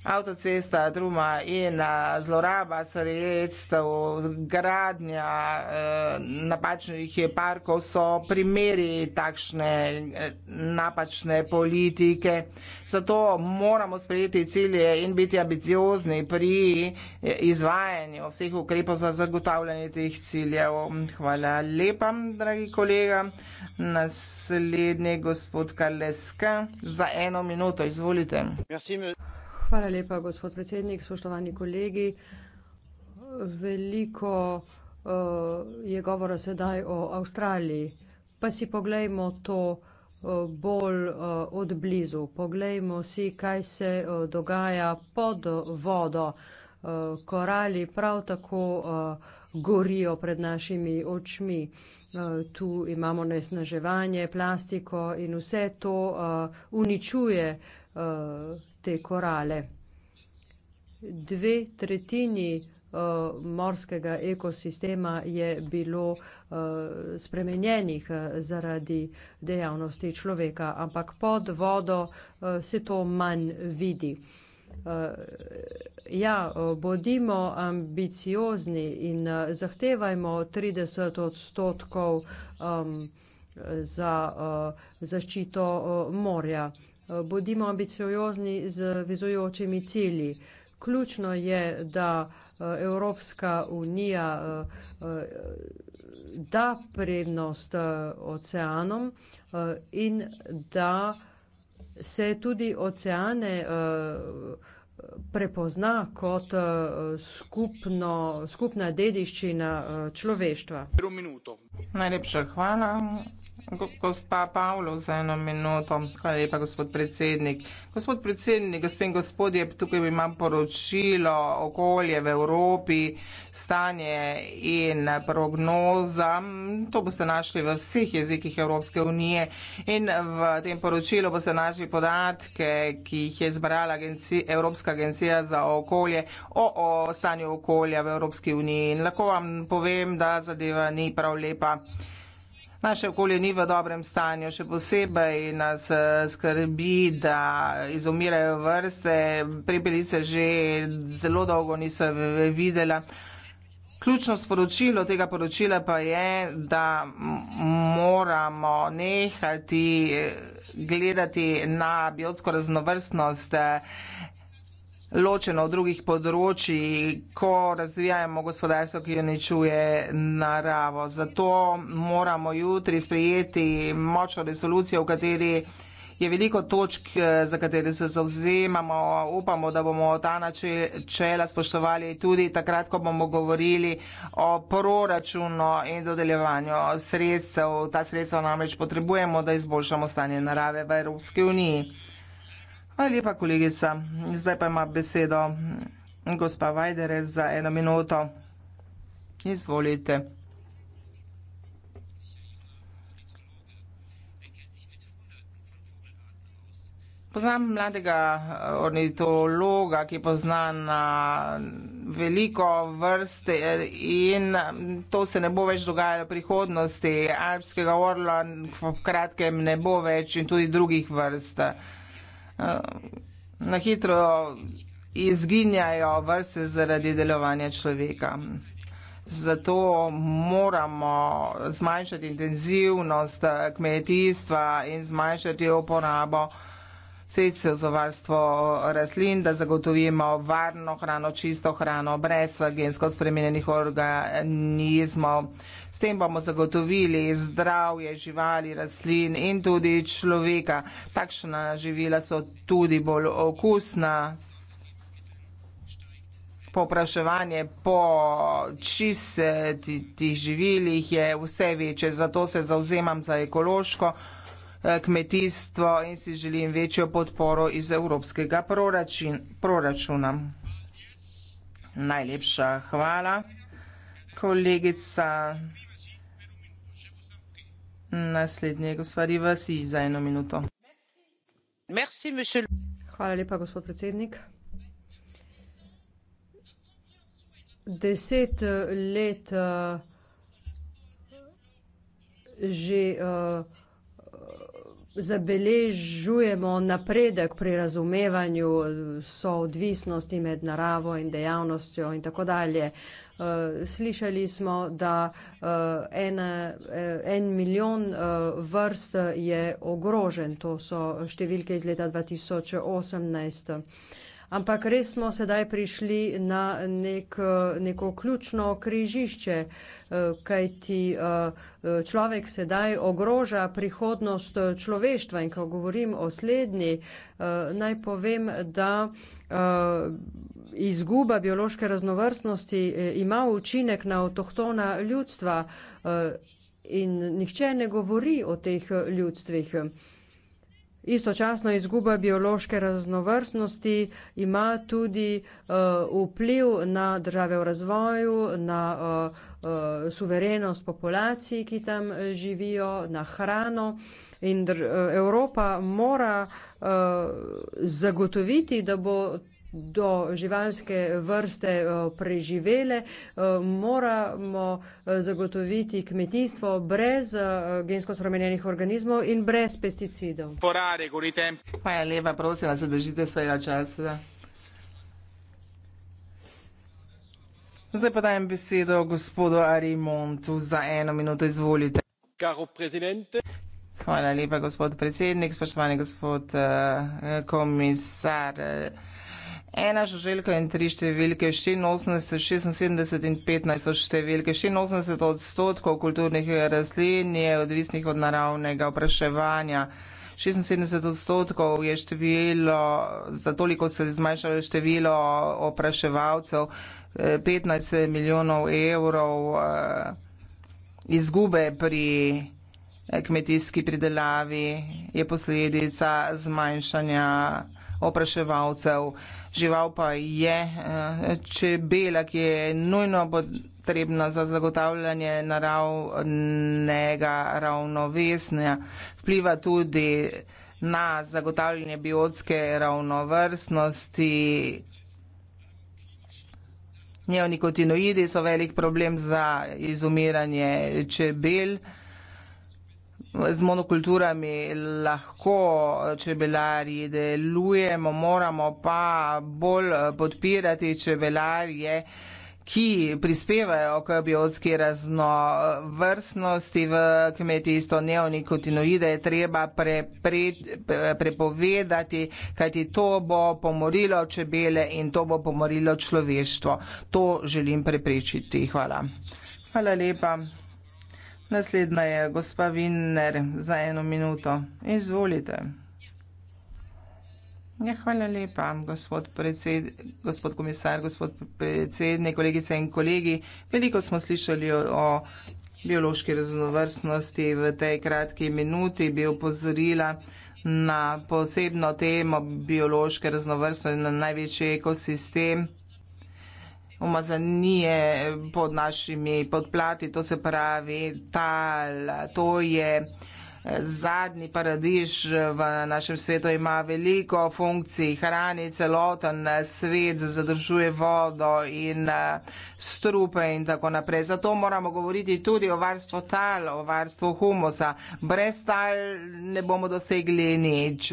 Speaker 5: avtocesta, druma in zloraba sredstev, gradnja e, napačnih parkov so primeri takšne e, napačne politike. Zato moramo sprejeti cilje in biti ambiciozni pri e, izvajanju vseh ukrepov za zagotavljanje teh ciljev. Hvala lepa, dragi kolega. Naslednji gospod Kaleska za eno minuto. Izvolite.
Speaker 1: Merci, me... Hvala lepa, gospod predsednik, spoštovani kolegi. Veliko uh, je govora sedaj o Avstraliji, pa si poglejmo to uh, bolj uh, od blizu. Poglejmo si, kaj se uh, dogaja pod vodo. Uh, korali prav tako uh, gorijo pred našimi očmi. Uh, tu imamo nesnaževanje, plastiko in vse to uh, uničuje. Uh, te korale. Dve tretjini eh, morskega ekosistema je bilo eh, spremenjenih eh, zaradi dejavnosti človeka, ampak pod vodo se to manj vidi. Ja, bodimo ambiciozni in zahtevajmo 30 odstotkov za zaščito morja. Eh, bodimo ambiciozni z vezujočimi cilji. Ključno je, da eh, Evropska unija eh, da prednost oceanom in da se tudi oceane prepozna kot eh, skupno, skupna dediščina eh, človeštva.
Speaker 5: Najlepša hvala, gospa Pavlo, za eno minuto. Hvala lepa, gospod predsednik. Gospod predsednik, gospe in gospodje, tukaj imam poročilo okolje v Evropi, stanje in prognoza. To boste našli v vseh jezikih Evropske unije in v tem poročilu boste našli podatke, ki jih je zbrala Evropska agencija za okolje, o, o stanju okolja v Evropski uniji. In lahko vam povem, da zadeva ni prav lepa. Naše okolje ni v dobrem stanju, še posebej nas eh, skrbi, da izumirajo vrste. Prebelice že zelo dolgo niso videla. Ključno sporočilo tega poročila pa je, da moramo nehati eh, gledati na biotsko raznovrstnost eh, ločeno od drugih področji, ko razvijamo gospodarstvo, ki uničuje naravo. Zato moramo jutri sprejeti močno resolucijo, v kateri je veliko točk, eh, za katere se zauzemamo. Upamo, da bomo ta načela spoštovali tudi takrat, ko bomo govorili o proračunu in dodeljevanju sredstev. Ta sredstva namreč potrebujemo, da izboljšamo stanje narave v Evropski uniji. Hvala lepa, kolegica. Zdaj pa ima besedo gospa Vajdere za eno minuto. Izvolite. Poznam mladega eh, ornitologa, ki pozna na veliko vrste eh, in mm, to se ne bo več dogajalo v prihodnosti. Alpskega orla v kratkem ne bo več in tudi drugih vrst na hitro izginjajo vrste zaradi delovanja človeka. Zato moramo zmanjšati intenzivnost kmetijstva in zmanjšati uporabo uh, sredstev za varstvo rastlin, da zagotovimo varno hrano, čisto hrano, brez gensko spremenjenih organizmov. S tem bomo zagotovili zdravje živali, rastlin in tudi človeka. Takšna živila so tudi bolj okusna. Popraševanje po čistih živilih je vse večje, zato se zauzemam za ekološko Eh, kmetijstvo in si želim večjo podporo iz evropskega proračin, proračuna. Najlepša hvala, kolegica. Naslednje gospodi Vasi za eno minuto.
Speaker 1: Hvala lepa, gospod predsednik. Deset eh, let uh, že uh, zabeležujemo napredek pri razumevanju soodvisnosti med naravo in dejavnostjo in tako dalje. Eh, slišali smo, da eh, en, eh, en milijon vrst je ogrožen, to so številke iz leta dva tisoč osemnajst ampak res smo sedaj prišli na nek, neko ključno križišče, eh, kaj ti eh, človek sedaj ogroža prihodnost eh, človeštva in ko govorim o slednji, naj povem, da izguba biološke raznovrstnosti ima učinek na avtohtona ljudstva in nihče ne govori o teh ljudstvih. Istočasno izguba biološke raznovrstnosti ima tudi uh, vpliv na države v razvoju, na uh, uh, suverenost populacij, ki tam živijo, na hrano. In dr, uh, Evropa mora uh, zagotoviti, da bo do živalske vrste eh, preživele, eh, moramo eh, zagotoviti kmetijstvo brez gensko spremenjenih organizmov in brez pesticidov.
Speaker 5: Hvala lepa, prosim vas, držite svojega časa. Zdaj pa dajem besedo gospodu Arimontu za eno minuto, izvolite. Hvala lepa, gospod predsednik, spoštovani gospod komisar ena žuželka in tri številke, 86, 76 in 15 so številke. 86 odstotkov kulturnih rastlin je odvisnih od naravnega opraševanja. 76 odstotkov je število, za toliko se je zmanjšalo število opraševalcev, 15 milijonov evrov eh, izgube pri eh, kmetijski pridelavi je posledica zmanjšanja opraševalcev. Žival pa je eh, čebela, ki je nujno potrebna za zagotavljanje naravnega ravnovesnja. Vpliva tudi na zagotavljanje biotske ravnovrstnosti. Neonikotinoidi so velik problem za izumiranje čebel z monokulturami lahko čebelarji delujemo, moramo pa bolj podpirati čebelarje, ki prispevajo k biotski raznovrstnosti v kmetijstvo. Neonikotinoide je treba pre, pre, prepovedati, kajti to bo pomorilo čebele in to bo pomorilo človeštvo. To želim preprečiti. Hvala. Hvala lepa. Naslednja je gospa Vinner za eno minuto. Izvolite. Ja, hvala lepa, gospod, predsed, gospod komisar, gospod predsednik, kolegice in kolegi. Veliko smo slišali o, o biološki raznovrstnosti v tej kratki minuti, bi opozorila na posebno temo biološke raznovrstnosti, na največji ekosistem umazanije pod našimi podplati, to se pravi tal, to je eh, zadnji paradiž v našem svetu, ima veliko funkcij, hrani celoten svet, zadržuje vodo in eh, strupe in tako naprej. Zato moramo govoriti tudi o varstvu tal, o varstvu humusa. Brez tal ne bomo dosegli nič.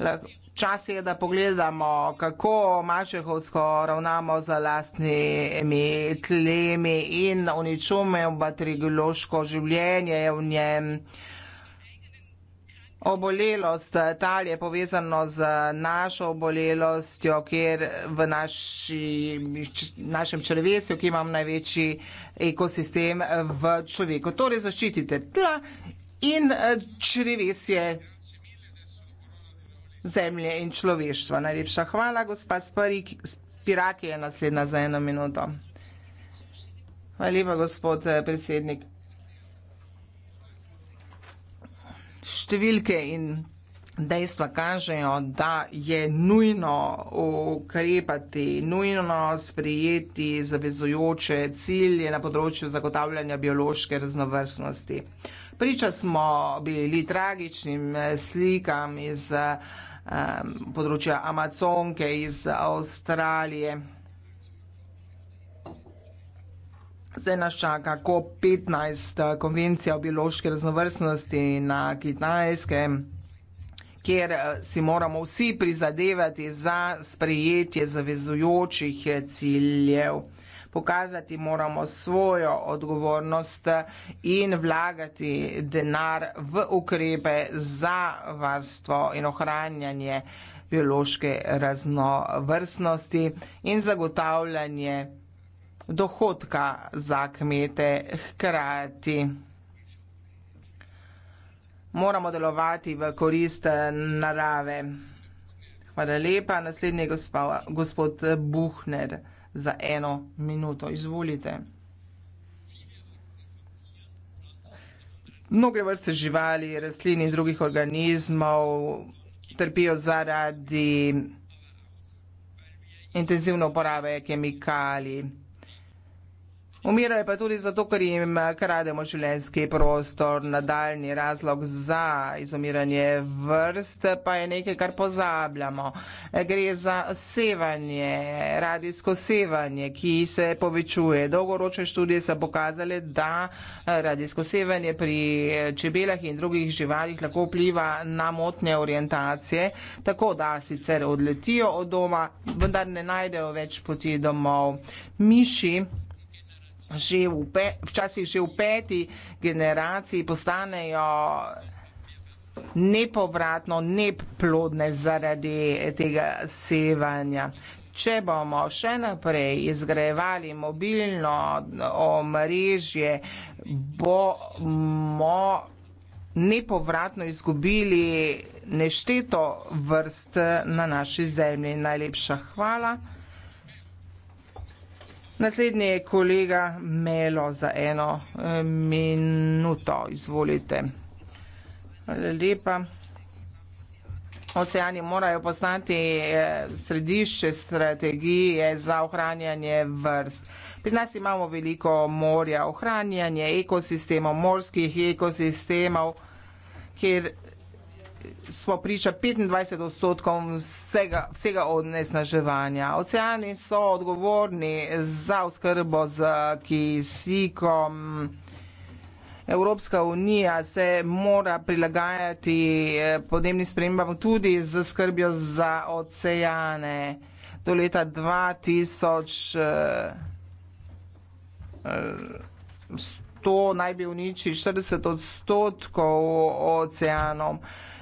Speaker 5: Lahko Čas je, da pogledamo, kako mačehovsko ravnamo za lastnimi tlemi in uničujemo batrigološko življenje v njem. Obolelost tal je povezano z našo obolelostjo, kjer v naši, našem črvesju, ki imam največji ekosistem v človeku. Torej zaščitite tla in črvesje zemlje in človeštva. Najlepša hvala, gospa Sparik. Spiraki je naslednja za eno minuto. Hvala lepa, gospod eh, predsednik. Številke in dejstva kažejo, da je nujno ukrepati, nujno sprijeti zavezujoče cilje na področju zagotavljanja biološke raznovrstnosti. Priča smo bili tragičnim slikam iz um, področja Amazonke, iz Avstralije. Zdaj nas čaka COP15, konvencija o biološki raznovrstnosti na kitajskem kjer eh, si moramo vsi prizadevati za sprejetje zavezujočih eh, ciljev. Pokazati moramo svojo odgovornost eh, in vlagati denar v ukrepe za varstvo in ohranjanje biološke raznovrstnosti in zagotavljanje dohodka za kmete hkrati moramo delovati v korist eh, narave. Hvala lepa. Naslednji je gospa, gospod Buhner za eno minuto. Izvolite. Mnoge vrste živali, rastlin in drugih organizmov trpijo zaradi intenzivne uporabe kemikalij. Umirajo pa tudi zato, ker jim krademo življenski prostor. Nadaljni razlog za izumiranje vrst pa je nekaj, kar pozabljamo. Gre za sevanje, radijsko sevanje, ki se povečuje. Dolgoročne študije so pokazale, da eh, radijsko sevanje pri čebelah in drugih živalih lahko vpliva na motnje orientacije, tako da sicer odletijo od doma, vendar ne najdejo več poti domov. Miši že v pe, včasih že v peti generaciji postanejo nepovratno neplodne zaradi tega sevanja. Če bomo še naprej izgrajevali mobilno omrežje, bomo nepovratno izgubili nešteto vrst na naši zemlji. Najlepša hvala. Naslednji je kolega Melo za eno eh, minuto. Izvolite. Lepa. Oceani morajo postati eh, središče strategije za ohranjanje vrst. Pri nas imamo veliko morja, ohranjanje ekosistemov, morskih ekosistemov, kjer smo priča 25 odstotkom vsega, vsega odnesnaževanja. Oceani so odgovorni za oskrbo z kisikom. Evropska unija se mora prilagajati eh, podnebnim spremembam tudi z skrbjo za oceane. Do leta 2000 100 eh, eh, naj bi uničili 40 odstotkov oceanov.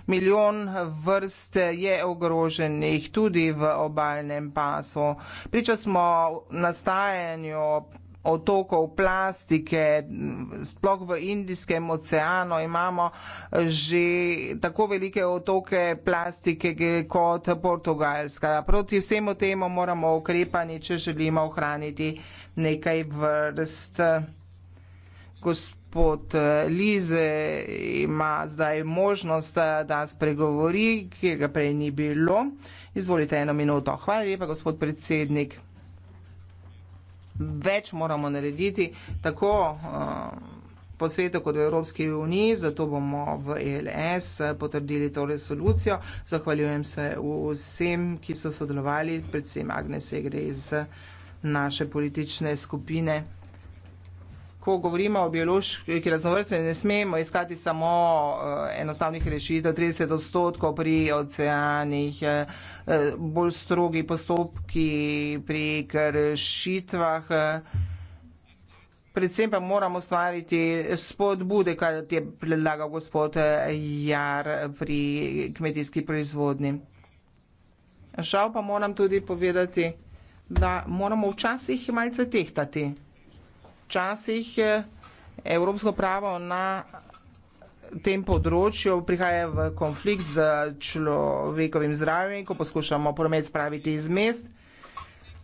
Speaker 5: Milijon vrst je ogroženih tudi v obaljnem pasu. Priča smo nastajanju otokov plastike, sploh v Indijskem oceanu imamo že tako velike otoke plastike kot Portugalska. Proti vsemu temu moramo ukrepati, če želimo ohraniti nekaj vrst. Gosp gospod eh, Lize ima zdaj možnost, eh, da spregovori, kjer ga prej ni bilo. Izvolite eno minuto. Hvala lepa, gospod predsednik. Več moramo narediti, tako eh, po svetu kot v Evropski uniji, zato bomo v ELS potrdili to resolucijo. Zahvaljujem se vsem, ki so sodelovali, predvsem Agnes Egre iz naše politične skupine ko govorimo o biološki raznovrstnosti, ne smemo iskati samo uh, enostavnih rešitev, 30 odstotkov pri oceanih, uh, bolj strogi postopki pri kršitvah. Uh, predvsem pa moramo stvariti spodbude, kar je predlagal gospod Jar pri kmetijski proizvodni. Žal pa moram tudi povedati, da moramo včasih malce tehtati včasih eh, evropsko pravo na tem področju prihaja v konflikt z človekovim zdravjem, ko poskušamo promet spraviti iz mest,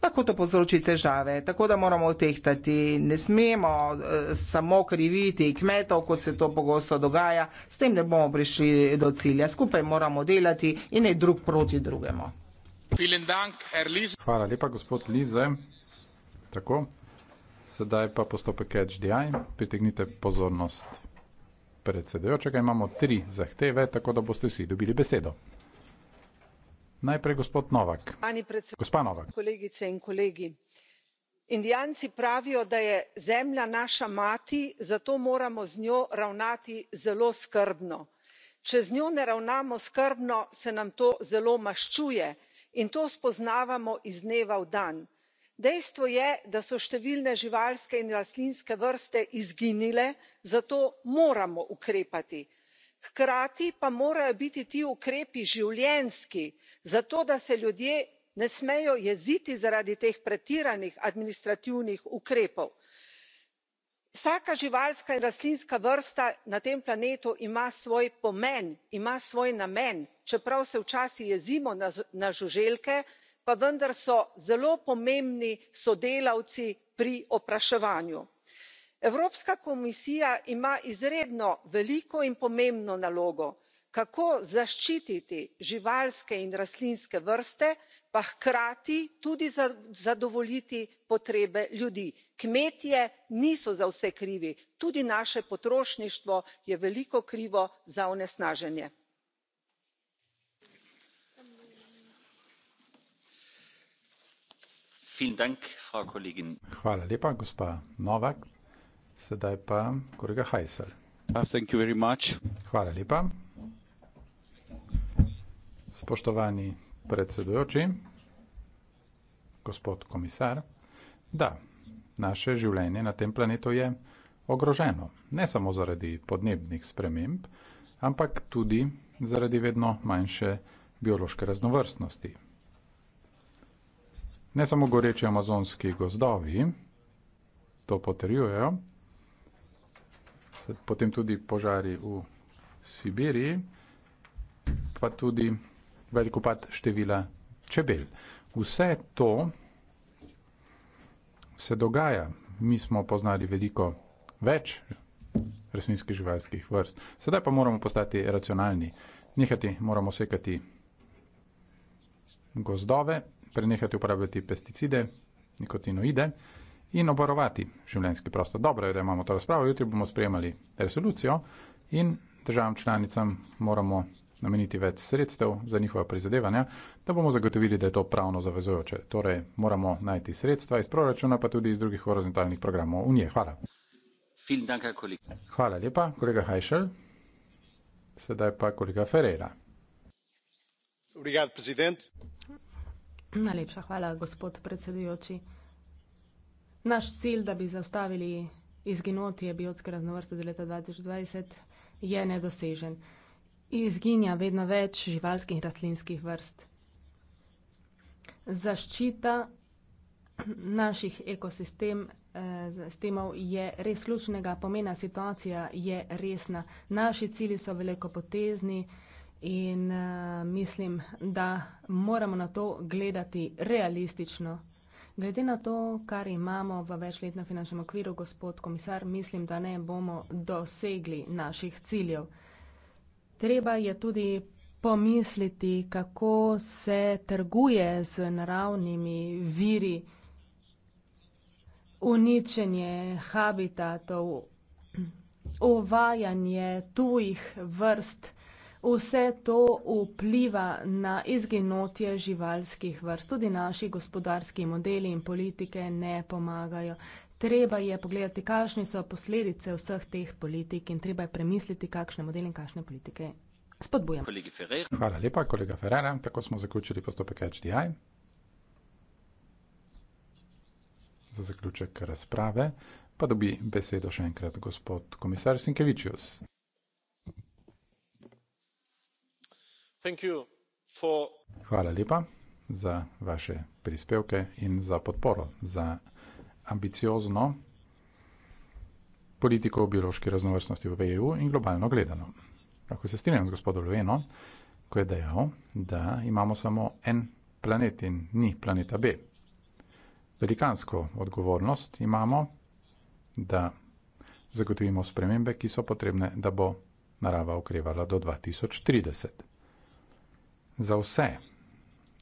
Speaker 5: lahko to povzroči težave. Tako da moramo tehtati, ne smemo e, samo kriviti kmetov, kot se to pogosto dogaja, s tem ne bomo prišli do cilja. Skupaj moramo delati in
Speaker 4: ne drug proti drugemu. Hvala lepa, gospod Lize. Tako, Sedaj pa postopek HDI. Pritegnite pozornost predsedojočega. Imamo tri zahteve, tako da boste vsi dobili besedo. Najprej gospod Novak. Gospa Novak.
Speaker 3: Kolegice in kolegi. Indijanci pravijo, da je zemlja naša mati, zato moramo z njo ravnati zelo skrbno. Če z njo ne ravnamo skrbno, se nam to zelo maščuje in to spoznavamo iz dneva v dan dejstvo je da so številne živalske in rastlinske vrste izginile zato moramo ukrepati hkrati pa morajo biti ti ukrepi življenjski zato da se ljudje ne smejo jeziti zaradi teh pretiranih administrativnih ukrepov. vsaka živalska in rastlinska vrsta na tem planetu ima svoj pomen ima svoj namen čeprav se včasih jezimo na žuželke pa vendar so zelo pomembni sodelavci pri opraševanju. evropska komisija ima izredno veliko in pomembno nalogo kako zaščititi živalske in rastlinske vrste pa hkrati tudi zadovoljiti potrebe ljudi. kmetje niso za vse krivi tudi naše potrošništvo je veliko krivo za onesnaženje.
Speaker 4: Hvala lepa, gospa Novak. Sedaj pa kolega Hajsl. Uh, Hvala lepa. Spoštovani predsedujoči, gospod komisar. Da, naše življenje na tem planetu je ogroženo. Ne samo zaradi podnebnih sprememb, ampak tudi zaradi vedno manjše biološke raznovrstnosti. Ne samo goreči amazonski gozdovi, to potrjujejo, potem tudi požari v Sibiriji, pa tudi veliko pad števila čebel. Vse to se dogaja. Mi smo poznali veliko več resninskih živalskih vrst. Sedaj pa moramo postati racionalni. Nehati moramo sekati gozdove, prenehati uporabljati pesticide, nikotinoide in obvarovati življenjski prostor. Dobro je, da imamo to razpravo, jutri bomo sprejemali resolucijo in državam članicam moramo nameniti več sredstev za njihova prizadevanja, da bomo zagotovili, da je to pravno zavezujoče. Torej moramo najti sredstva iz proračuna, pa tudi iz drugih horizontalnih programov Unije. Hvala. Hvala lepa, kolega Hajšel. Sedaj pa kolega Ferreira.
Speaker 7: Najlepša hvala, gospod predsedujoči. Naš cilj, da bi zaustavili izginotje biotske raznovrstnosti leta 2020, je nedosežen. Izginja vedno več živalskih in rastlinskih vrst. Zaščita naših ekosistem, eh, sistemov je res ključnega pomena, situacija je resna. Naši cilji so velikopotezni. In uh, mislim, da moramo na to gledati realistično. Glede na to, kar imamo v večletnem finančnem okviru, gospod komisar, mislim, da ne bomo dosegli naših ciljev. Treba je tudi pomisliti, kako se trguje z naravnimi viri, uničenje habitatov, uvajanje tujih vrst. Vse to vpliva na izginotje živalskih vrst. Tudi naši gospodarski modeli in politike ne pomagajo. Treba je pogledati, kakšne so posledice vseh teh politik in treba je premisliti, kakšne modele in kakšne politike spodbujamo.
Speaker 4: Hvala lepa, kolega Ferrara. Tako smo zaključili postopek HDI. Za zaključek razprave pa dobi besedo še enkrat gospod komisar Sinkevičius. Hvala lepa za vaše prispevke in za podporo, za ambiciozno politiko o biološki raznovrstnosti v EU in globalno gledano. Lahko se strinjam z gospodom Lueno, ko je dejal, da imamo samo en planet in ni planeta B. Velikansko odgovornost imamo, da zagotovimo spremembe, ki so potrebne, da bo narava okrevala do 2030 za vse.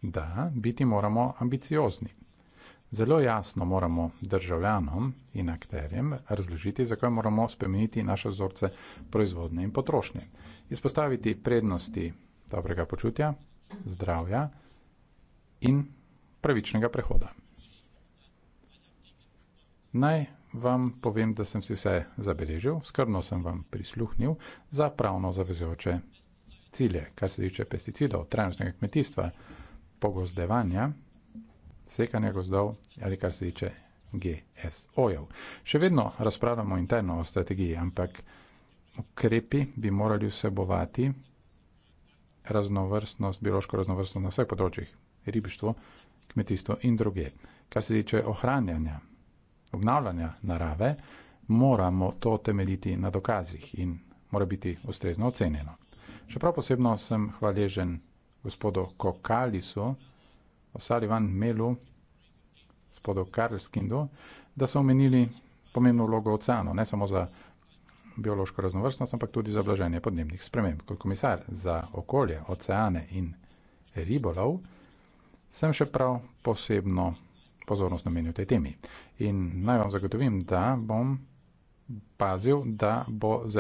Speaker 4: Da, biti moramo ambiciozni. Zelo jasno moramo državljanom in akterjem razložiti, zakaj moramo spremeniti naše vzorce proizvodne in potrošnje. Izpostaviti prednosti dobrega počutja, zdravja in pravičnega prehoda. Naj vam povem, da sem si vse zabeležil, skrbno sem vam prisluhnil za pravno zavezujoče cilje, kar se tiče pesticidov, trajnostnega kmetijstva, pogozdevanja, sekanja gozdov ali kar se tiče GSO-jev. Še vedno razpravljamo interno o strategiji, ampak ukrepi bi morali vsebovati raznovrstnost, biološko raznovrstnost na vseh področjih, ribištvo, kmetijstvo in druge. Kar se tiče ohranjanja, obnavljanja narave, moramo to temeljiti na dokazih in mora biti ustrezno ocenjeno. Še prav posebno sem hvaležen gospodu Kokalisu, osali van Melu, gospodu Karlskindu, da so omenili pomembno vlogo oceanov, ne samo za biološko raznovrstnost, ampak tudi za blaženje podnebnih sprememb. Kot komisar za okolje, oceane in ribolov, sem še prav posebno pozornost namenil tej temi. In naj vam zagotovim, da bom pazil, da bo zelo.